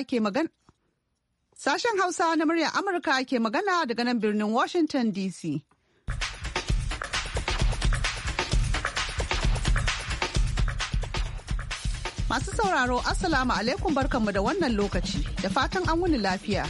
ake magana Sashen Hausa na murya Amurka ke magana daga nan birnin Washington DC. Masu sauraro Assalamu alaikum barkanmu da wannan lokaci da fatan an wuni lafiya.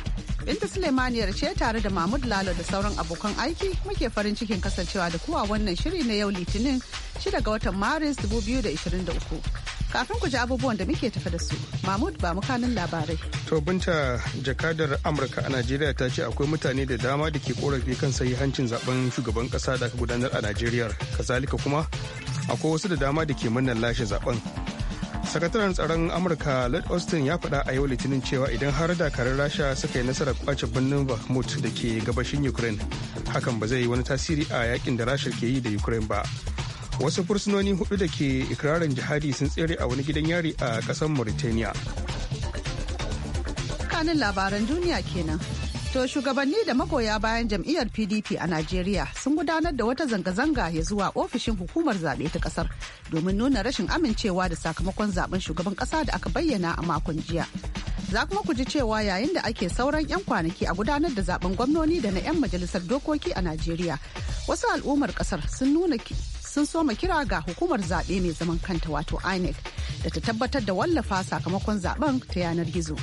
Binta Suleimaniyar ce tare da Mahmud Lalo da sauran abokan aiki muke farin cikin kasancewa da kuwa wannan shiri na yau Litinin 6 ga watan Maris 2023. Kafin ku ji abubuwan da muke tafa da su, Mahmud ba mu kanin labarai. To binta jakadar Amurka a Najeriya ta ce akwai mutane da dama da ke korafi kan hancin zaben shugaban kasa da aka gudanar a Najeriya. Kazalika kuma akwai wasu da dama da ke murnar lashe zaben. sakataren tsaron amurka lord austin ya faɗa a yau litinin cewa idan har dakarun rasha suka yi nasarar kwace birnin bakhmut da ke gabashin ukraine hakan ba zai yi wani tasiri a yakin da rasha ke yi da ukraine ba wasu fursunoni hudu da ke ikirarin jihadi sun tsere a wani gidan yari a ƙasar mauritania kanin labaran duniya kenan To shugabanni da magoya bayan jam'iyyar PDP a Najeriya sun gudanar da wata zanga-zanga ya zuwa ofishin hukumar zaɓe ta ƙasar domin nuna rashin amincewa da sakamakon zaben shugaban ƙasa da aka bayyana a makon jiya. Za kuma ku ji cewa yayin da ake sauran 'yan kwanaki a gudanar da zaben gwamnoni da na 'yan majalisar dokoki a Najeriya, wasu al'ummar ƙasar sun nuna sun soma kira ga hukumar zaɓe mai zaman kanta wato INEC da ta tabbatar da wallafa sakamakon zaben ta yanar gizo.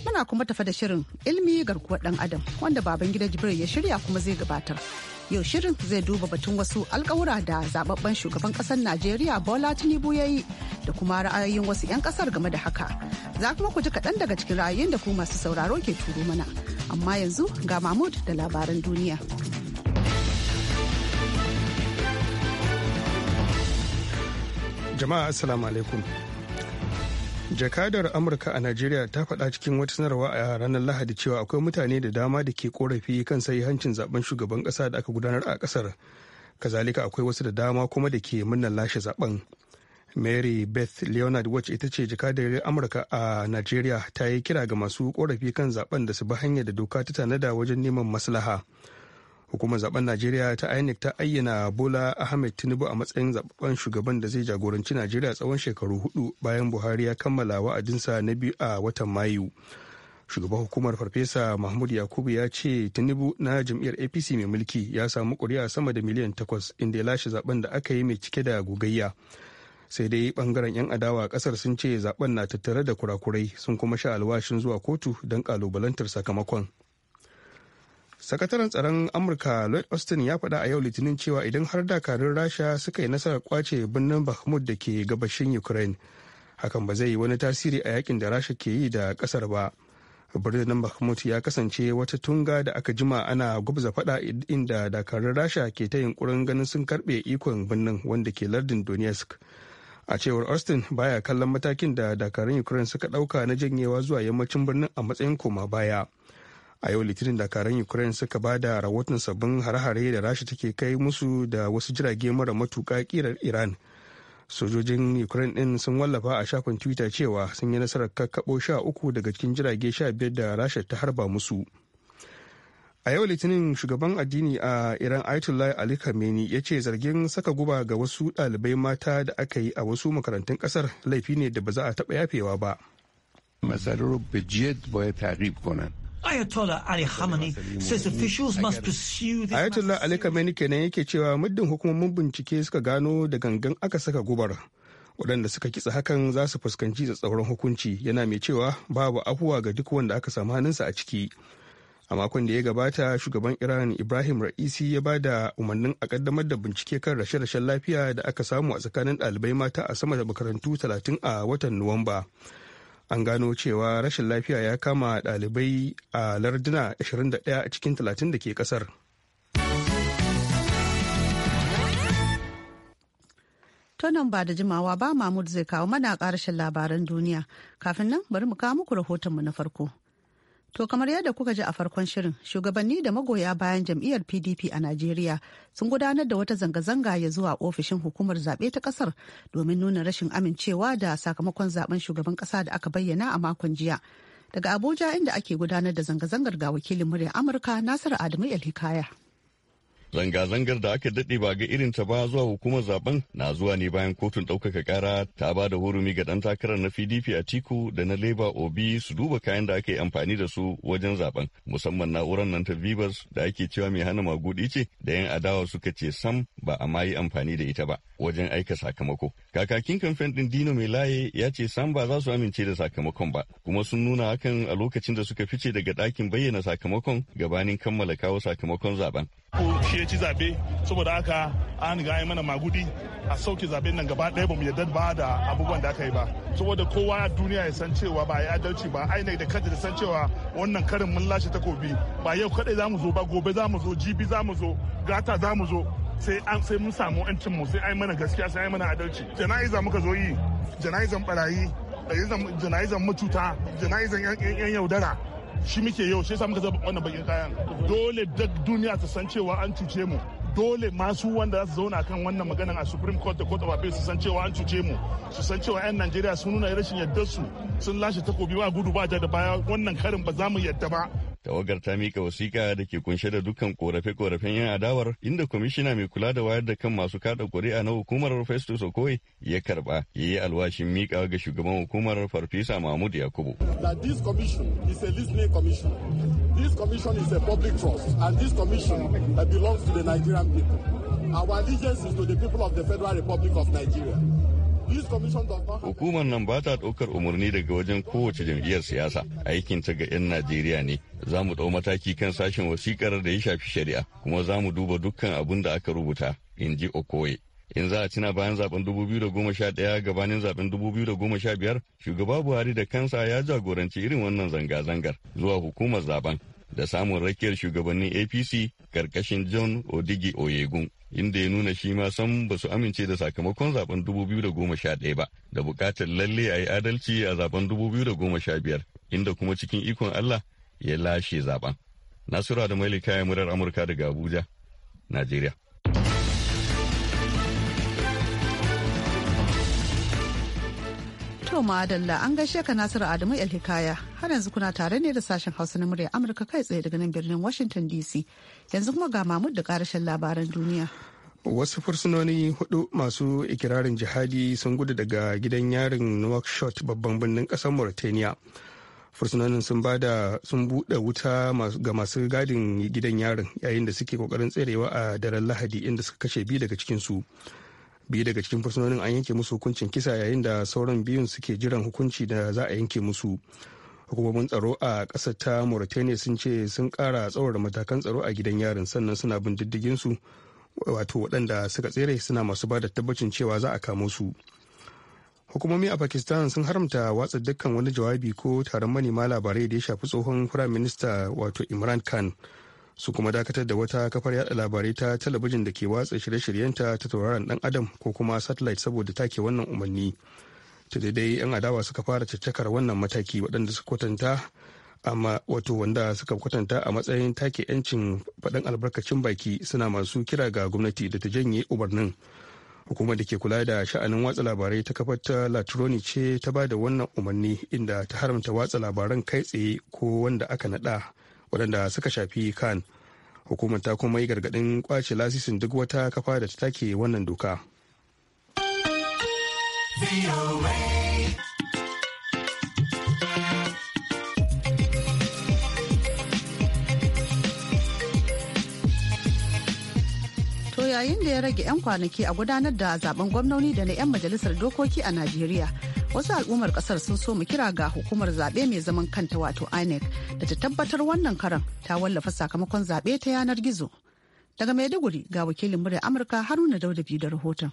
Muna kuma tafa da shirin ilmi garkuwar ɗan adam wanda baban gida Jibril ya shirya kuma zai gabatar. Yau shirin zai duba batun wasu alkawura da zababben shugaban ƙasar Najeriya Bola Tinubu ya yi da kuma ra'ayoyin wasu 'yan ƙasar game da haka. Za kuma ku ji kaɗan daga cikin ra'ayoyin da ku masu sauraro ke turo mana. Amma yanzu ga Mahmud da labaran duniya. jama'a assalamu alaikum jakadar amurka a najeriya ta faɗa cikin wata sanarwa a ranar lahadi cewa akwai mutane da dama da ke korafi kan hancin zaben shugaban ƙasa da aka gudanar a ƙasar kazalika akwai wasu da dama kuma da ke murnar lashe zaben mary beth leonard watch ita ce jakadar amurka a najeriya ta yi kira ga masu korafi kan zaben da su bi hanyar da doka ta tanada wajen neman maslaha. hukumar zaben najeriya ta inec ta ayyana bola ahmed tinubu a matsayin zababben shugaban da zai jagoranci najeriya tsawon shekaru hudu bayan buhari ya kammala wa'adinsa na biyu a watan mayu shugaban hukumar farfesa mahmud yakubu ya ce tinubu na jam'iyyar apc mai mulki ya samu kuri'a sama da miliyan takwas inda ya lashe zaben da aka yi mai cike da gogayya sai dai bangaren 'yan adawa a kasar sun ce zaben na tattare da kurakurai sun kuma sha alwashin zuwa kotu don kalubalantar sakamakon sakataren tsaron amurka lloyd austin ya faɗa a yau litinin cewa idan har dakarun rasha suka yi nasarar kwace birnin bahmud da ke gabashin ukraine hakan ba zai yi wani tasiri a yakin da rasha ke yi da kasar ba birnin bahmud ya kasance wata tunga da aka jima ana gwabza faɗa inda dakarun rasha ke ta yunkurin ganin sun karɓe ikon birnin wanda ke lardin donetsk a cewar austin baya kallon matakin da dakarun ukraine suka ɗauka na janyewa zuwa yammacin birnin a matsayin koma baya a yau litinin dakaran ukraine suka ba da rahoton sabbin hare-hare da rasha take kai musu da wasu jirage mara matuka kirar iran sojojin ukraine din sun wallafa a shafin twitter cewa sun yi nasarar kakkaɓo sha uku daga cikin jirage sha biyar da rasha ta harba musu a yau litinin shugaban addini a iran ayatollah ali khamenei ya ce zargin saka guba ga wasu ɗalibai mata da aka yi a wasu makarantun ƙasar laifi ne da ba za a taɓa yafewa ba Ayatollah Ali Khamenei says officials must pursue this Ayatollah Ali Khamenei kenan yake cewa muddin hukumomin bincike suka gano da gangan aka saka gubar. waɗanda suka kitsa hakan za su fuskanci tsauran hukunci yana mai cewa babu afuwa ga duk wanda aka samu hannunsa a ciki a makon da ya gabata shugaban iran ibrahim ra'isi ya ba da umarnin a kaddamar da bincike kan rashe-rashen lafiya da aka samu a tsakanin ɗalibai mata a sama da makarantu 30 a watan nuwamba an gano cewa rashin lafiya ya kama ɗalibai a larduna 21 a cikin 30 da ke ƙasar. Tonon ba da jimawa ba Mahmud zai kawo mana rashin labaran duniya. Kafin nan bari mu kawo muku rahotonmu na farko. To kamar yadda kuka ji a farkon shirin, shugabanni da magoya bayan jam'iyyar PDP a Najeriya sun gudanar da wata zanga-zanga ya zuwa ofishin hukumar zaɓe ta ƙasar domin nuna rashin amincewa da sakamakon zaben shugaban ƙasa da aka bayyana a makon jiya. Daga Abuja inda ake gudanar da zanga-zangar ga wakilin murya Amurka Nasiru Adamu Elhikaya. hikaya Zanga-zangar da aka daɗe ba ga irin ta ba zuwa hukumar zaben na zuwa ne bayan kotun ɗaukaka ƙara ta ba da hurumi ga ɗan takarar na PDP a Tiku da na Labour Obi su duba kayan da aka yi amfani da su wajen zaben musamman na'urar nan ta Vivas da ake cewa mai hana magudi ce da 'yan adawa suka ce sam ba a ma yi amfani da ita ba wajen aika sakamako. Kakakin kamfen ɗin Dino mai laye ya ce sam ba za su amince da sakamakon ba kuma sun nuna hakan a lokacin da suka fice daga ɗakin bayyana sakamakon gabanin kammala kawo sakamakon zaben. ko shi ya ci zabe saboda haka an ga mana magudi a sauke zaben nan gaba ɗaya bamu yarda ba da abubuwan da aka yi ba saboda kowa duniya ya san cewa ba ya adalci ba aina da kanta da san cewa wannan karin mun lashe takobi ba yau kadai za mu zo ba gobe za mu zo jibi za mu zo gata za mu zo sai an sai mun samu yancin mu sai ai mana gaskiya sai ai mana adalci jana'iza muka zo yi jana'izan barayi jana'izan mututa jana'izan yan yaudara shi muke yau shi samun muka zaba wannan bakin kayan dole duk duniya ta san cewa an cuce mu dole masu wanda za su zauna kan wannan magana a supreme court da court of appeal su san cewa an cuce mu su san cewa 'yan najeriya sun nuna rashin yardar su sun lashe takobi ba gudu ba da baya wannan karin ba za mu yarda ba tawagar ta mika wasiƙa da ke kunshe da dukkan korafe-korafen yan adawar inda kwamishina mai kula da wayar da kan masu kada kuri'a na hukumar festus okoye ya karba ya yi alwashin mika ga shugaban hukumar farfesa mahmud yakubu is a commission belongs nigerian our allegiance is to the people of the federal republic of nigeria Hukumar nan ba ta ɗaukar umarni daga wajen kowace jam'iyyar siyasa, aikin ta ga 'yan Najeriya ne. Za mu ɗau mataki kan sashen wasikar da ya shafi shari'a, kuma za mu duba dukkan abin da aka rubuta, in ji Okoye. In za a cina bayan zaben 2011 gabanin zaben 2015, shugaba Buhari da kansa ya jagoranci irin wannan zanga-zangar zuwa hukumar zaben da samun rakiyar shugabannin apc karkashin john odigi oyegun inda ya nuna shi ma san ba su amince da sakamakon zaben 2011 ba da bukatar lalle a yi adalci a zaben 2015 inda kuma cikin ikon allah ya lashe zaben nasura da mailika ya murar amurka daga abuja najeriya To madalla an gaishe ka Nasiru Adamu hikaya har yanzu kuna tare ne da sashen Hausa na murya Amurka kai tsaye daga nan birnin Washington DC. Yanzu kuma ga Mahmud da karashen labaran duniya. Wasu fursunoni hudu masu ikirarin jihadi sun gudu daga gidan yarin Nouakchott babban birnin kasar Mauritania. Fursunonin sun bada sun bude wuta ga masu gadin gidan yarin yayin da suke kokarin tserewa a daren Lahadi inda suka kashe biyu daga cikinsu. su. biyu daga cikin fursunonin an yanke musu hukuncin kisa yayin da sauran biyun suke jiran hukunci da za a yanke musu hukumomin tsaro a ƙasar ta mauritania sun ce sun ƙara tsawar matakan tsaro a gidan yarin sannan suna bin diddigin su wato waɗanda suka tsere suna masu ba da tabbacin cewa za a kamo su hukumomi a pakistan sun haramta watsa dukkan wani jawabi ko taron manema labarai da ya shafi tsohon firayim minista wato imran khan su kuma dakatar da wata kafar yada labarai ta talabijin da ke watsa shirye-shiryenta ta tauraron dan adam ko kuma satellite saboda take wannan umarni ta daidai yan adawa suka fara caccakar wannan mataki waɗanda suka kwatanta amma wato wanda suka kwatanta a matsayin take yancin faɗin albarkacin baki suna masu kira ga gwamnati da ta janye umarnin hukumar da ke kula da sha'anin watsa labarai ta kafar ta latroni ce ta ba da wannan umarni inda ta haramta watsa labaran kai tsaye ko wanda aka naɗa waɗanda suka shafi kan hukumar ta kuma yi gargaɗin kwace lasisin duk wata kafa da ta take wannan doka. yayin da ya rage 'yan kwanaki a gudanar da zaben gwamnoni da na 'yan majalisar dokoki a najeriya wasu al'ummar kasar sun so mu kira ga hukumar zaɓe mai zaman kanta wato inec da ta tabbatar wannan karan ta wallafa sakamakon zaɓe ta yanar gizo daga maiduguri ga wakilin murya amurka haruna daudabi da rahoton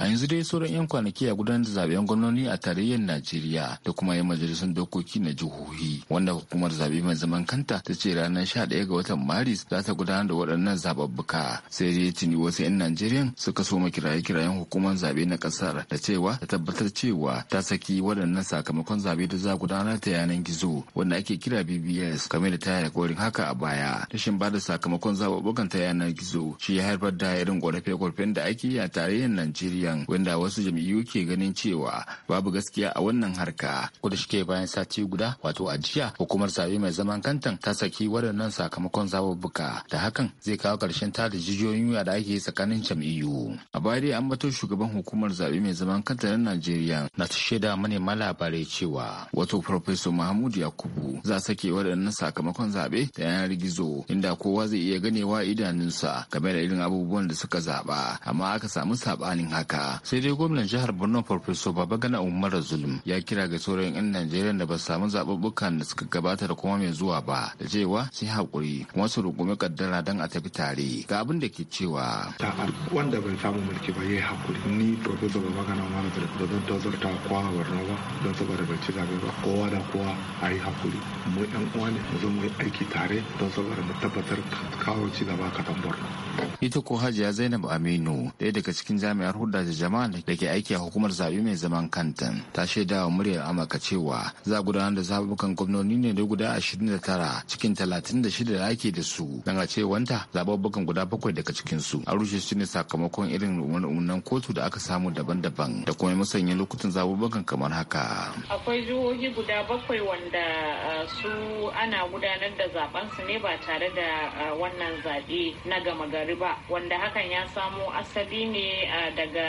a yanzu dai sauran 'yan kwanaki a gudanar da zaben gwamnoni a tarayyar najeriya da kuma 'yan majalisun dokoki na jihohi wanda hukumar zabe mai zaman kanta ta ce ranar 11 ga watan maris za ta gudanar da waɗannan zababbuka sai dai tuni wasu 'yan najeriya suka soma kiraye-kirayen hukumar zabe na ƙasar da cewa ta tabbatar cewa ta saki waɗannan sakamakon zabe da za gudanar ta yanar gizo wanda ake kira bbs game da ta alkawarin haka a baya rashin ba da sakamakon zababbukan ta yanar gizo shi ya haifar da irin ƙorafe-ƙorafen da ake yi a tarayyar najeriya binciken wanda wasu jam'iyyu ke ganin cewa babu gaskiya a wannan harka ko da shike bayan sati guda wato a jiya hukumar zabe mai zaman kantan ta saki waɗannan sakamakon zaɓuɓɓuka da hakan zai kawo ƙarshen tada jijiyoyin wuya da ake tsakanin jam'iyyu a baya dai an bato shugaban hukumar zabe mai zaman kanta na Najeriya na ta shaida manema labarai cewa wato Professor Mahmudu Yakubu za sake waɗannan sakamakon zaɓe da yanar gizo inda kowa zai iya ganewa idanunsa game da irin abubuwan da suka zaɓa amma aka samu saɓanin haka ta sai dai gwamnan jihar borno farfeso gana umar zulum ya kira ga sauran 'yan najeriya da ba su samu zaɓuɓɓukan da suka gabata da kuma mai zuwa ba da cewa sai hakuri kuma su rungumi kaddara don a tafi tare ga abin da ke cewa wanda bai samu mulki ba yayi haƙuri ni baba gana umar zulum da zan tazarta kowa a borno ba don saboda bai ci zaɓe ba kowa da kowa a yi haƙuri mu 'yan uwa ne mu zo mu yi aiki tare don saboda mu tabbatar kawo ci gaba a kasan borno ita ko hajiya zainab aminu daya daga cikin jami'ar hudda da jama'a da ke aiki a hukumar zaɓe mai zaman kanta ta shaida wa muryar amurka cewa za a gudanar da zaɓuɓɓukan gwamnoni ne da guda ashirin da tara cikin talatin da shida da ake da su ce cewanta zaɓuɓɓukan guda bakwai daga cikin su a rushe su ne sakamakon irin umarnan kotu da aka samu daban-daban da kuma musanya lokutan zaɓuɓɓukan kamar haka. akwai jihohi guda bakwai wanda su ana gudanar da zaɓensu ne ba tare da wannan zaɓe na gama gari riba wanda hakan ya samo asali ne daga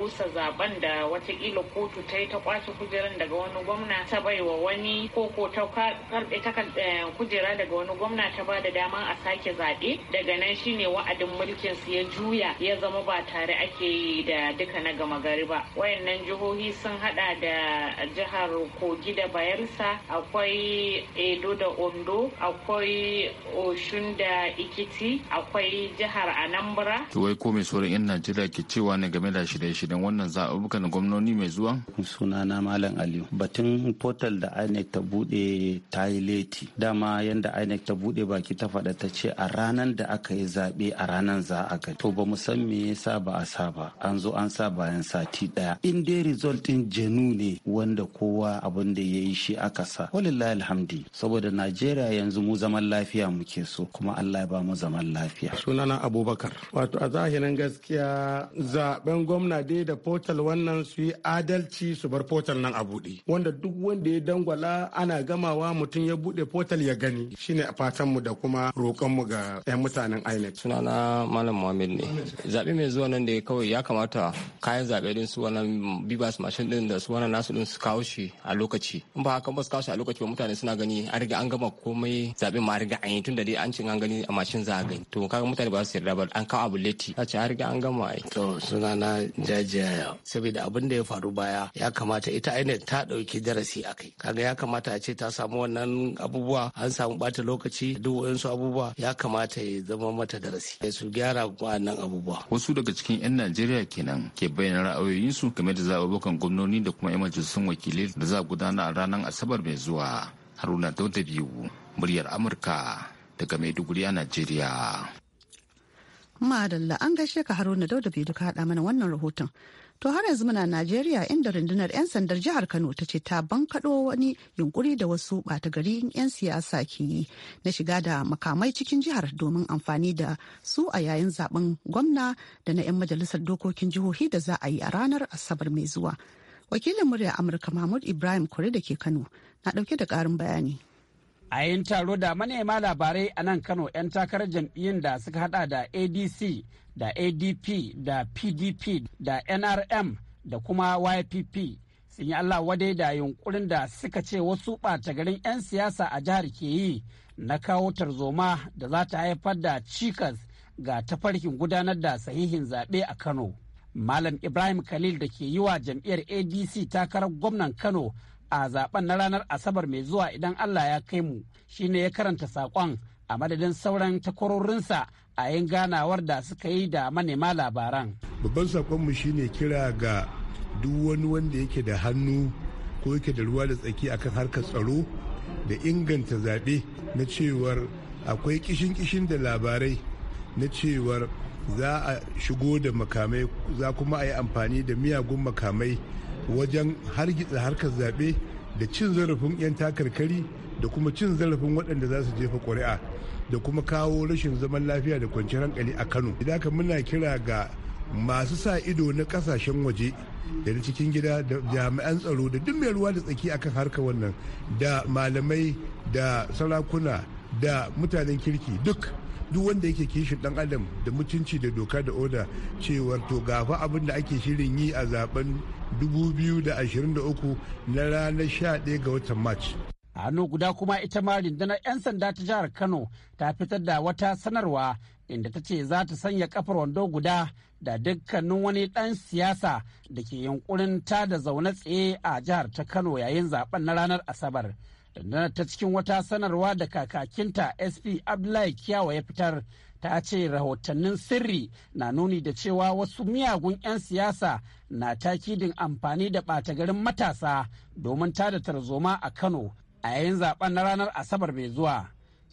rusa zaben da watakila kotu ta yi ta kwace kujeran daga wani gwamna ta baiwa wani koko ta karbe ta eh, kujera daga wani gwamna ta ba da daman a sake zaɓe daga nan shine wa'adin mulkin su ya juya ya zama ba tare ake yi da duka na gama gari ba wayannan jihohi sun hada da jihar kogi da bayelsa akwai edo da ondo akwai oshun da ikiti akwai yi jihar anambra wai ko mai sauran yan najeriya ke cewa ne game da shirye-shiryen wannan zaɓuɓɓukan gwamnoni mai zuwa sunana malam aliyu batun portal da inec ta buɗe ta yi leti dama yanda inec ta buɗe baki ta faɗa ta ce a ranar da aka yi zaɓe a ranar za a gani to ba mu san me yasa ba a sa ba an zo an sa bayan sati ɗaya in dai result ɗin janu ne wanda kowa abin da ya yi shi aka sa walillahi alhamdi saboda najeriya yanzu mu zaman lafiya muke so kuma allah ya ba mu zaman lafiya sunana abubakar wato a zahirin gaskiya zaben gwamna dai da portal wannan su yi adalci su bar portal nan a buɗe wanda duk wanda ya dangwala ana gamawa mutum ya buɗe portal ya gani shine fatan mu da kuma roƙon mu ga 'yan mutanen inec sunana malam muhammed ne zaɓe mai zuwa nan da kawai ya kamata kayan zaɓe din su wannan bibas mashin din da su wannan nasu din su kawo shi a lokaci in ba haka ba su kawo shi a lokaci ba mutane suna gani an riga an gama komai zaɓe ma riga an yi tun da dai an cin an gani a mashin za a gani to kaga kaga mutane ba su yarda ba an kawo abu leti a ce an an gama ai to suna na jajiyaya saboda abin da ya faru baya ya kamata ita INEC ta dauki darasi a kai. kaga ya kamata a ce ta samu wannan abubuwa an samu bata lokaci duk wayansu abubuwa ya kamata ya zama mata darasi su gyara wannan abubuwa wasu daga cikin yan Najeriya kenan ke bayyana ra'ayoyinsu game da zababukan gwamnoni da kuma yan majalisun wakilai da za a gudana a ranar Asabar mai zuwa Haruna Dauda biyu muryar Amurka daga Maiduguri a Najeriya. Madalla an gaishe ka Haruna Dauda Bidu ka haɗa mana wannan rahoton. To har yanzu muna Najeriya inda rundunar 'yan sandar jihar Kano ta ce ta bankaɗo wani yunkuri da wasu ɓata gari 'yan siyasa ke yi na shiga da makamai cikin jihar domin amfani da su a yayin zaben gwamna da na 'yan majalisar dokokin jihohi da za a yi a ranar Asabar mai zuwa. Wakilin murya Amurka Mahmud Ibrahim Kure da ke Kano na ɗauke da ƙarin bayani. a yayin taro da manema labarai a nan kano 'yan takarar jam'iyyun da suka hada da adc da adp da pdp da nrm da kuma ypp sun yi allah wadai da yunkurin da suka ce wasu ɓata garin 'yan siyasa a jihar ke yi na kawo tarzoma da za ta haifar da cikas ga tafarkin gudanar da sahihin zaɓe a kano malam ibrahim khalil da ke yi wa jam'iyyar adc takarar gwamnan kano a zaben na ranar asabar mai zuwa idan allah ya kai mu shine ya karanta saƙon a madadin sauran takwarorinsa a yin ganawar da suka yi da manema labaran babban saƙonmu shine kira ga duk wani wanda yake da hannu ko yake da ruwa da tsaki akan harkar tsaro da inganta zaɓe na cewar akwai kishin-kishin da labarai na cewar za a shigo da makamai za kuma a yi amfani da miyagun makamai wajen hargitsa harkar zaɓe da cin zarafin 'yan takarkari da kuma cin zarafin waɗanda za su jefa ƙuri'a da kuma kawo rashin zaman lafiya da kwanciyar hankali a kano idan ka muna kira ga masu sa ido na ƙasashen waje da na cikin gida da jami'an tsaro da duk mai ruwa da tsaki akan harkar wannan da malamai da sarakuna da mutanen kirki duk duk wanda yake kishin dan adam da mutunci da doka da oda cewar to gafa abin da ake shirin yi a zaben 2023 na ranar 11 ga watan march a hannu guda kuma ita ma rundunar 'yan sanda ta jihar kano ta fitar da wata sanarwa inda ta ce za ta sanya kafar wando guda da dukkanin wani ɗan siyasa da ke yunkurin ta da zaune tsaye a jihar ta kano yayin zaben na ranar asabar na ta cikin wata sanarwa da kakakinta sp abdullahi kiyawa ya fitar ta ce rahotannin sirri na nuni da cewa wasu miyagun 'yan siyasa na takidin amfani da ɓata garin matasa domin tada tarzoma a kano a yayin zaben na ranar asabar mai zuwa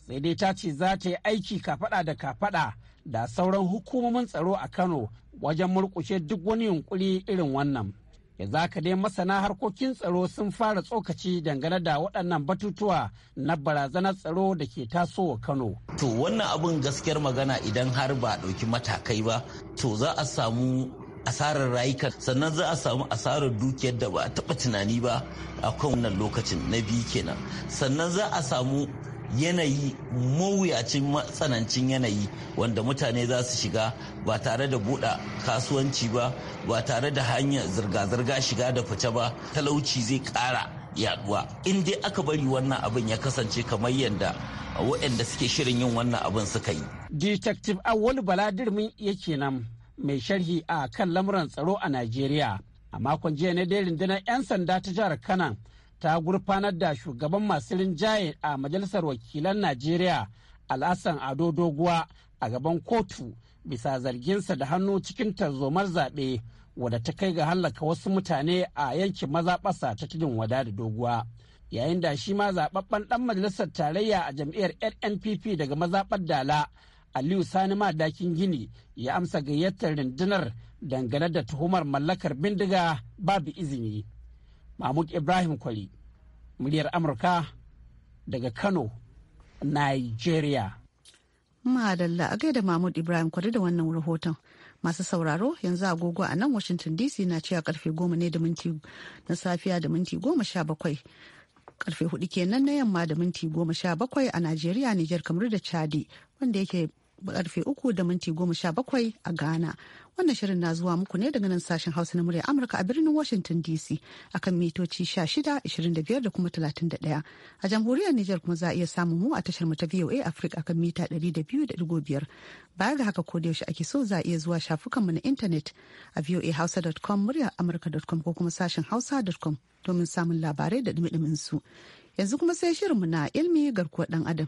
sai dai ta ce za ta yi aiki kafada da kafada da sauran hukumomin tsaro a kano wajen murkushe duk wani yunkuri irin wannan ya ka dai masana harkokin tsaro sun fara tsokaci dangane da waɗannan batutuwa na barazanar tsaro da ke tasowa kano to wannan abin gaskiyar magana idan har ba a ɗauki matakai ba to za a samu asarar rayuka sannan za a samu asarar dukiyar da ba a taɓa tunani ba a kan wannan lokacin na biyu kenan sannan za a samu yanayi mawuyacin matsanancin yanayi wanda mutane za su shiga ba tare da buɗa kasuwanci ba ba tare da hanyar zirga-zirga shiga da fice ba talauci zai ƙara yaduwa in dai aka bari wannan abin ya kasance kamar yadda waɗanda suke shirin yin wannan abin suka yi. detective awol baladirmi yake nan mai sharhi a kan lamuran tsaro a najeriya a makon jiya na dai rundunar 'yan sanda ta jihar kanan ta gurfanar da shugaban masu rinjaye a majalisar wakilan najeriya alhassan ado doguwa a gaban kotu bisa zarginsa da hannu cikin tarzomar zaɓe wadda ta kai ga hallaka wasu mutane a yankin mazaɓasa ta tudun wada da doguwa yayin da shi ma zaɓaɓɓen ɗan majalisar tarayya a jam'iyyar nnpp daga mazaɓar dala aliyu sani dakin gini ya amsa gayyatar rundunar dangane da tuhumar mallakar bindiga babu izini mahmud ibrahim kwali muryar amurka daga kano nigeria madalla a gaida mahmud ibrahim kwali da wannan rahoton masu sauraro yanzu agogo a nan washington dc na cewa karfe goma ne da minti na safiya da minti goma sha bakwai karfe hudu kenan na yamma da minti goma sha bakwai a najeriya nijar kamar da chadi wanda yake karfe uku da minti goma sha bakwai a Ghana. Wannan shirin na zuwa muku ne daga nan sashen Hausa na murya Amurka a birnin Washington DC akan mitoci sha shida, ishirin da biyar da kuma talatin da ɗaya. A jamhuriyar Nijar kuma za a iya samun mu a tashar mu ta VOA Africa akan mita ɗari da biyu da ɗigo biyar. Baya ga haka ko da yaushe ake so za a iya zuwa shafukanmu na intanet a voahausa.com muryar amurka.com ko kuma sashen hausa.com domin samun labarai da dumi su. Yanzu kuma sai shirinmu na ilmi garkuwar ɗan adam.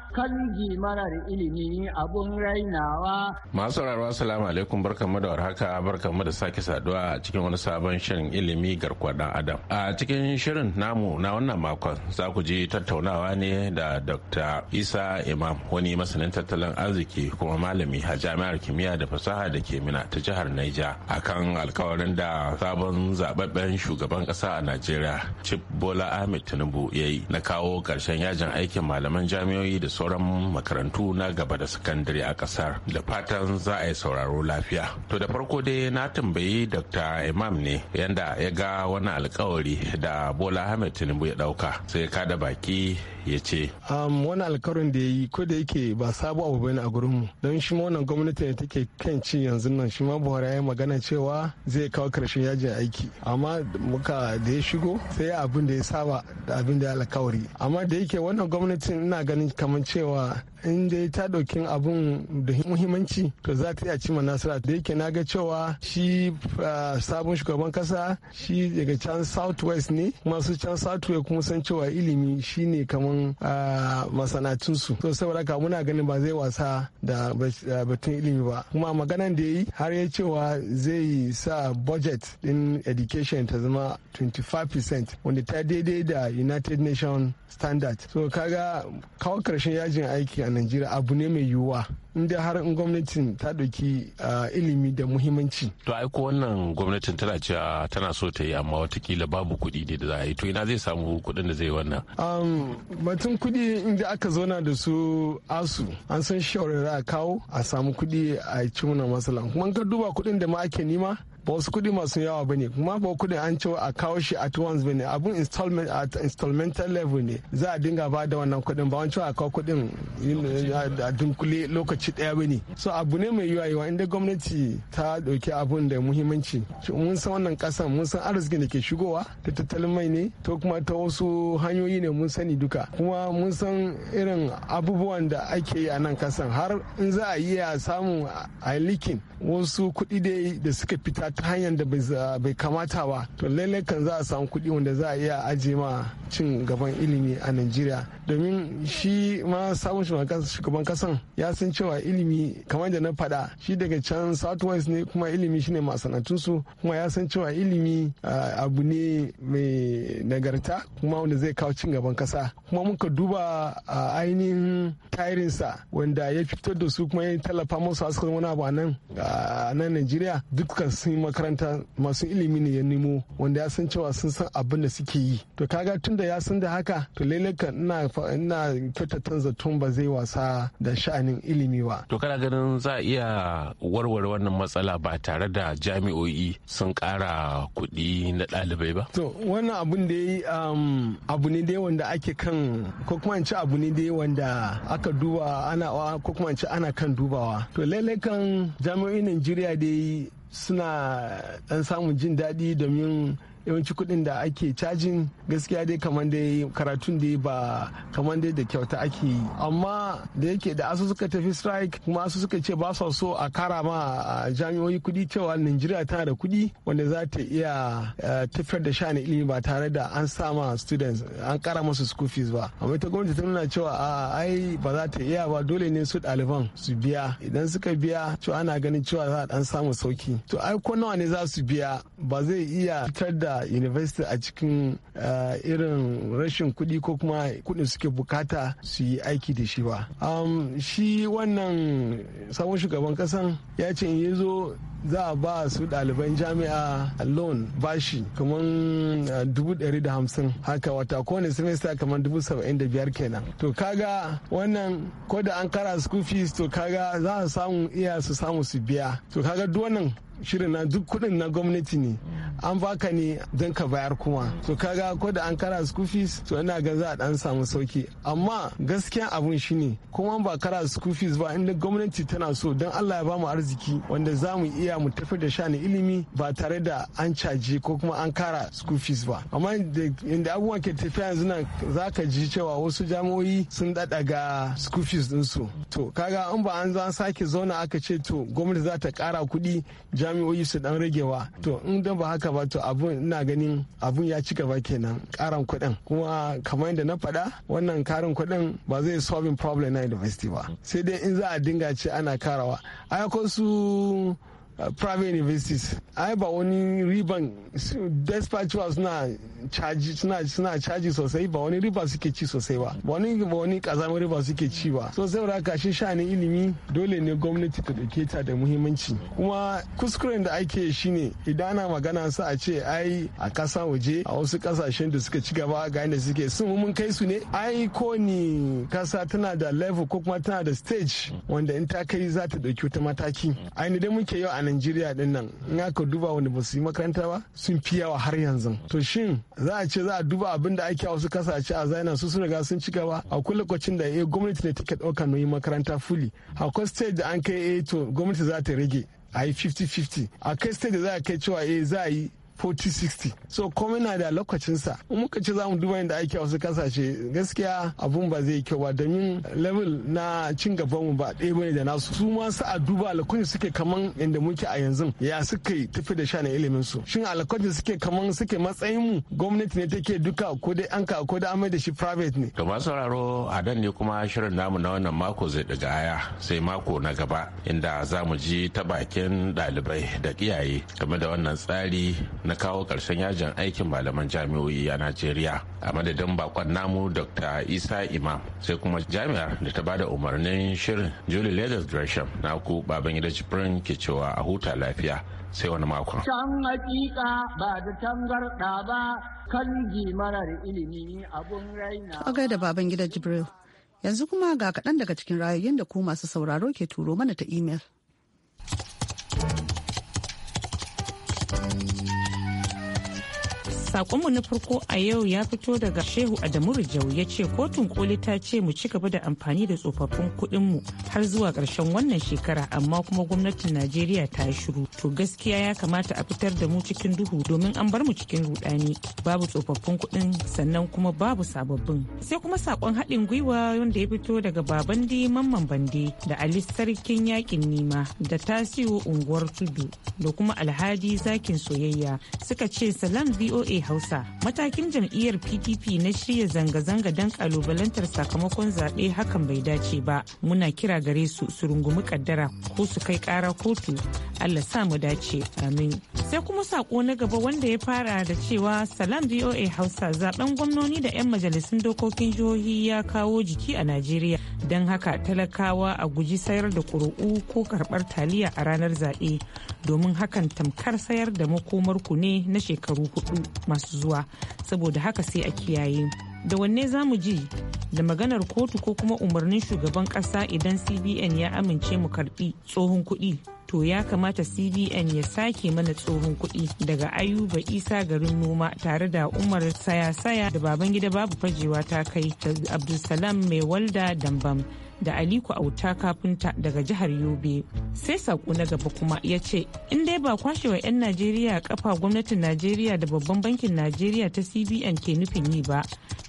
kanji mana da ilimi abun rainawa. Masu rarwa salamu alaikum barkanmu da warhaka barkanmu da sake saduwa a cikin wani sabon shirin ilimi garkuwar dan adam. A cikin shirin namu na wannan makon za ku ji tattaunawa ne da Dr. Isa Imam wani masanin tattalin arziki kuma malami a jami'ar kimiyya da fasaha da ke mina ta jihar Naija akan alkawarin da sabon zababben shugaban kasa a Najeriya Chief Bola Ahmed Tinubu ya yi na kawo ƙarshen yajin aikin malaman jami'oyi da su sauran makarantu na gaba da sakandare a kasar da fatan za a yi sauraro lafiya to da farko dai na tambayi dr imam ne yanda ya ga wani alkawari da bola ahmed tinubu ya dauka sai ka da baki ya ce wani alkawarin da ya yi ko da yake ba sabo abu bane a gurin mu don shi ma wannan gwamnati da take kan ci yanzu nan shi ma buhari ya yi magana cewa zai kawo karshen yajin aiki amma muka da ya shigo sai abin da ya saba da abin da ya alkawari amma da yake wannan gwamnatin ina ganin kamar cewa in dai ta ɗauki abun da muhimmanci to za ta iya cima nasara da yake na ga cewa shi ah, sabon shugaban kasa shi daga can southwest ne masu can southwest kuma san cewa ilimi shi ne kamar ah, masana'antunsu to saboda ka muna ganin ba zai wasa da batun ilimi ba kuma maganan da ya yi har ya cewa zai sa budget din education ta zama 25% wanda ta daidai da united nations standard so kaga kawo karshen yajin aiki a Najeriya abu ne mai yiwuwa inda har in gwamnatin ta ɗauki ilimi da muhimmanci. To aiko wannan gwamnatin tana cewa tana so ta yi amma watakila babu kuɗi ne da za a yi to ina zai samu kuɗin da zai wannan. Batun kuɗi inda aka zauna da su asu an san shawarar a kawo a samu kuɗi a ci wannan matsala kuma ka duba kuɗin da ma ake nima ba wasu kuɗi masu yawa ba ne kuma ba kudi an ce a kawo shi at once ba ne abun installment at installmental level ne za a dinga ba da wannan kudin ba wancan a kawo kudin a dunkule lokaci daya ba ne so abu ne mai yiwa yiwa inda gwamnati ta ɗauki abun da muhimmanci mun san wannan kasan mun san arziki da ke shigowa ta tattalin mai ne to kuma ta wasu hanyoyi ne mun sani duka kuma mun san irin abubuwan da ake yi a nan kasan har in za a iya samu a likin wasu kuɗi da suka fita ta hanyar da bai kamata ba to lallai kan za a samu kuɗi wanda za a iya ajiye ma cin gaban ilimi a najeriya domin shi ma samun shugaban kasan ya san cewa ilimi kamar da na faɗa shi daga can southwest ne kuma ilimi shine masana'antunsu kuma ya san cewa ilimi abu ne mai nagarta kuma wanda zai kawo cin gaban kasa kuma muka duba ainihin tayirinsa wanda ya fitar da su kuma ya tallafa musu a suka abu a nan najeriya dukkan sun makaranta masu ilimi ne ya nemo wanda ya san cewa sun san abin da suke yi to kaga tun da ya san da haka to lailaka ina ina kyautatan zaton ba zai wasa da sha'anin ilimi ba to kana ganin za a iya warware wannan matsala ba tare da jami'o'i sun kara kuɗi na ɗalibai ba to wannan abun da yi um, abu ne dai wanda ake kan ko kuma in ci abu ne dai wanda aka duba ana ko kuma in ci ana kan dubawa to lailai kan jami'o'in Najeriya dai suna ɗan samun jin daɗi domin yawanci kuɗin da ake cajin gaskiya dai kamar da karatun dai ba kamar dai da kyauta ake yi amma da yake da asu suka tafi strike kuma asu suka ce ba su so a kara ma jami'o'i kuɗi cewa Najeriya tana da kuɗi wanda za ta iya eh, tafiyar da shani ilimi ba tare da an sama students an kara masu school fees ba amma ita gwamnati ta nuna cewa a ai ba za ta iya ba dole ne su ɗaliban su biya idan suka biya to ana ganin cewa za a dan samu sauki to ai ko nawa ne za su biya ba zai iya fitar da da university a cikin irin rashin kuɗi ko kuma kuɗin suke bukata su yi aiki da shi ba shi wannan sabon shugaban kasan ya ce in yi zo za a ba su ɗaliban jami'a loan bashi kamar dubu ɗari da hamsin haka wata kowane semester kamar dubu saba'in da biyar kenan to kaga wannan ko da an kara school fees to kaga za su samu iya su samu su biya to kaga duk wannan shirin na duk kudin na gwamnati ne an baka ne don ka bayar kuma to kaga ko da an kara school fees to ina ga za a dan samu sauki amma gaskiya abun shine kuma ba kara school fees ba inda gwamnati tana so don Allah ya bamu arziki wanda za mu iya mu tafi da shani ilimi ba tare da an caji ko kuma an kara school fees ba amma inda abubuwa ke tafiya yanzu nan za ka ji cewa wasu jami'oi sun daɗaga school fees su to kaga in ba an za sake zauna aka ce to gwamnati za ta kara kuɗi jami'o'i su dan ragewa to in da ba haka ba to abun ina ganin abun ya ci gaba kenan karan kuɗin kuma kamar yadda na faɗa wannan karin kuɗin ba zai solving problem na university ba sai dai in za a dinga ce ana karawa ayakon su private universities ai ba wani riban despite suna caji suna suna caji sosai ba wani riba suke ci sosai ba wani ba wani kazamin riba suke ci ba so saboda haka shi sha'anin ilimi dole ne gwamnati ta dauke ta da muhimmanci kuma kuskuren da ake shine idan ana magana sa a ce ai a kasa waje a wasu kasashen da suka ci gaba ga inda suke sun mun kai su ne ai ko ni kasa tana da level ko kuma tana da stage wanda in ta kai za ta dauki wata mataki ai ne dai muke yau a Najeriya din nan in aka duba wanda ba su yi makaranta ba sun fi yawa har yanzu to shin za a ce za a duba abin da ake a wasu kasashe a zaina su sun riga sun ci gaba akwai lokacin da eh gwamnati ne take ɗaukar nauyin makaranta fuli akwai stage da an kai eh to gwamnati za ta rage a yi 50-50 a kai stage da za a kai cewa eh za a yi 40-60 so komai na da lokacinsa in muka ce za mu duba yadda ake a wasu kasashe gaskiya abun ba zai kyau ba domin level na cin gaban mu ba ɗaya bane da nasu su ma sa a duba alkwaji suke kaman yadda muke a yanzu ya suka tafi da shanin ilimin su shin alkwaji suke kaman suke matsayin mu gwamnati ne take duka ko dai an ka ko da an da shi private ne to masu sauraro a dan ne kuma shirin namu na wannan mako zai daga aya sai mako na gaba inda za mu ji ta bakin ɗalibai da kiyaye game da wannan tsari na kawo ƙarshen yajin aikin malaman jami'o'i a najeriya a madadin bakon namu dr isa imam sai kuma jami'ar da ta bada umarnin shirin julie leathers gresham na ku baban gida jibrin ke cewa a huta lafiya sai wani makon. Can hakika ba da tangarɗa ba kan marar ilimi abun raina. A da baban gida Jibril. Yanzu kuma ga kaɗan daga cikin rayoyin da ku masu sauraro ke turo mana ta imel. Sakonmu na farko a yau ya fito daga Shehu Adamu Rijau ya ce kotun koli ta ce mu ci gaba da amfani da tsofaffin kuɗinmu har zuwa ƙarshen wannan shekara amma kuma gwamnatin Najeriya ta yi shiru. To gaskiya ya kamata a fitar da mu cikin duhu domin an bar mu cikin rudani babu tsofaffin kuɗin sannan kuma babu sababbin. Sai kuma sakon haɗin gwiwa wanda ya fito daga Babandi Mamman Bande da Ali Sarkin Yakin Nima da Tasiwo Unguwar Tudu da kuma Alhaji Zakin Soyayya suka ce salam VOA Hausa. Matakin jam'iyyar PTP na shirya zanga-zanga don kalubalantar sakamakon zaɓe hakan bai dace ba. Muna kira gare su su rungumi kaddara ko su kai ƙara kotu. Allah sa mu dace. Amin. Sai kuma sako na gaba wanda ya fara da cewa Salam VOA Hausa zaben gwamnoni da 'yan majalisun dokokin jihohi ya kawo jiki a Najeriya. Don haka talakawa a guji sayar da ƙuru'u ko karɓar taliya a ranar zaɓe domin hakan tamkar sayar da makomarku ne na shekaru hudu masu zuwa saboda haka sai a kiyaye da wanne za mu ji da maganar kotu ko kuma umarnin shugaban kasa idan cbn ya amince mu karbi tsohon kuɗi to ya kamata cbn ya sake mana tsohon kuɗi daga ayuba isa garin noma tare da umar saya-saya da baban gida babu fajewa ta kai da abdulsalam mai walda dambam da aliko auta kafinta daga jihar yobe sai saƙo na gaba kuma ya ce in dai ba kwashewa 'yan najeriya kafa gwamnatin najeriya da babban bankin najeriya ta cbn ke nufin yi ba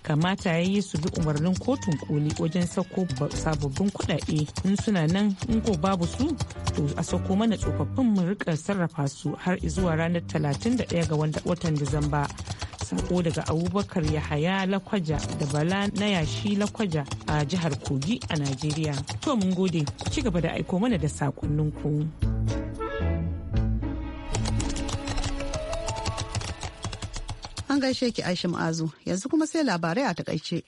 kamata ya yi su bi umarnin kotun koli wajen sako sababbin kudade in suna nan in ko babu su to a sako mana tsofaffin mu rika sarrafa su har zuwa ranar 31 ga watan Disamba. sako daga abubakar yahaya lakwaja da bala na yashi lakwaja a jihar kogi a najeriya to mun gode ku ci gaba da aiko mana da sakonninku. An gaishe ki Aisha Ma'azu yanzu kuma sai labarai a takaice.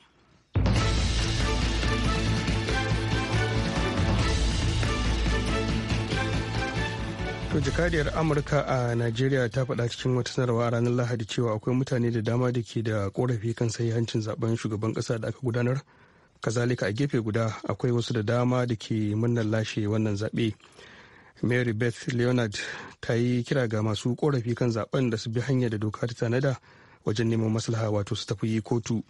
To jakadiyar Amurka a Najeriya ta faɗa cikin wata sanarwa a ranar Lahadi cewa akwai mutane da dama da ke da korafi kan hancin zaben shugaban ƙasa da aka gudanar. Kazalika a gefe guda akwai wasu da dama da ke murnar lashe wannan zaɓe. Mary Beth Leonard ta yi kira ga masu korafi kan zaben da su bi hanyar da doka ta tanada wajen neman maslaha wato su tafi kotu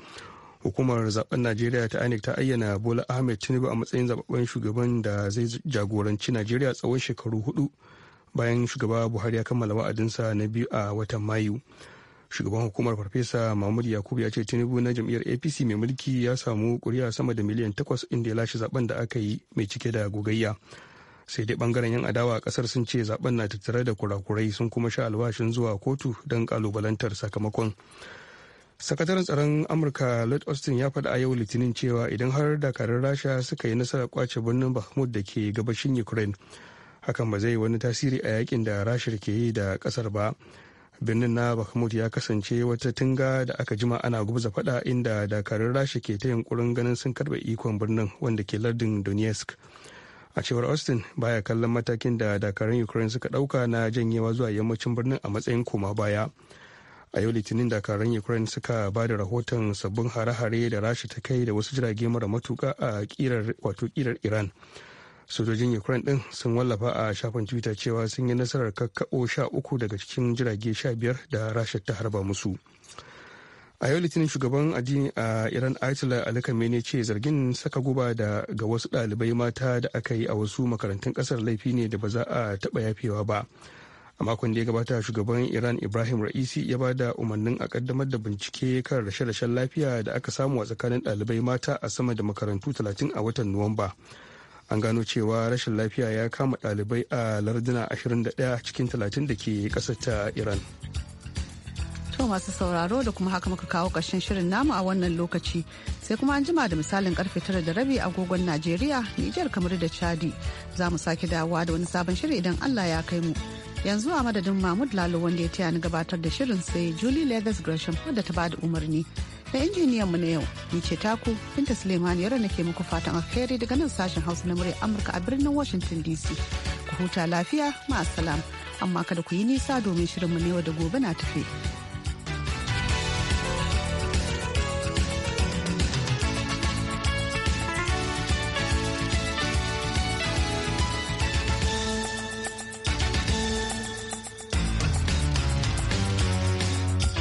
hukumar zaben najeriya ta inec ta ayyana bola ahmed tinubu a matsayin zababben shugaban da zai jagoranci najeriya tsawon shekaru hudu bayan shugaba buhari ya kammala wa'adinsa na biyu a watan mayu shugaban hukumar farfesa mahmud yakubu ya ce tinubu na jam'iyyar apc mai mulki ya samu kuri'a sama da miliyan takwas inda ya lashe zaben da aka yi mai cike da gogayya sai dai bangaren yan adawa a kasar sun ce zaben na tattare da kurakurai sun kuma sha alwashin zuwa kotu don kalubalantar sakamakon sakataren tsaron amurka lord austin ya faɗa a yau litinin cewa idan har dakarun rasha suka yi nasarar kwace birnin bahmud da ke gabashin ukraine hakan ba zai wani tasiri a yakin da rasha ke yi da kasar ba birnin na bahmud ya kasance wata tunga da aka jima ana gubza fada inda dakarun rasha ke ta yunkurin ganin sun karbe ikon birnin wanda ke lardin donetsk a cewar austin baya kallon matakin da dakarun ukraine suka dauka na janyewa zuwa yammacin birnin a matsayin koma baya a yau litinin dakarun ukraine suka ba da rahoton sabbin hare-hare da rasha ta kai da wasu jirage mara matuka a kirar wato kirar iran sojojin ukraine din sun wallafa a shafin twitter cewa sun yi nasarar kakkao sha uku daga cikin jirage sha biyar da rasha ta harba musu a yau litinin shugaban addini a iran ayatollah ali ne ce zargin saka guba da ga wasu ɗalibai mata da aka yi a wasu makarantun ƙasar laifi ne da ba za a taɓa yafewa ba a makon da ya gabata shugaban iran ibrahim ra'isi ya ba da umarnin a kaddamar da bincike kan rashe-rashen lafiya da aka samu a tsakanin ɗalibai mata a sama da makarantu 30 a watan nuwamba an gano cewa rashin lafiya ya kama ɗalibai a larduna 21 cikin 30 da ke ƙasar ta iran To masu sauraro da kuma haka muka kawo ƙarshen shirin namu a wannan lokaci sai kuma an jima da misalin karfe tara da rabi agogon Najeriya, Nijar kamar da Chadi za mu sake dawowa da wani sabon shiri idan Allah ya kai mu. Yanzu a madadin Mahmud Lalo wanda ya taya ni gabatar da shirin sai Julie legas Gresham da ta bada umarni. Da injiniyan mu na yau, ni ce taku Binta Suleiman yara nake muku fatan alheri daga nan sashen Hausa na murya Amurka a birnin Washington DC. Ku huta lafiya, ma'asalam. Amma kada ku yi nisa domin shirinmu ne yau da gobe na tafe.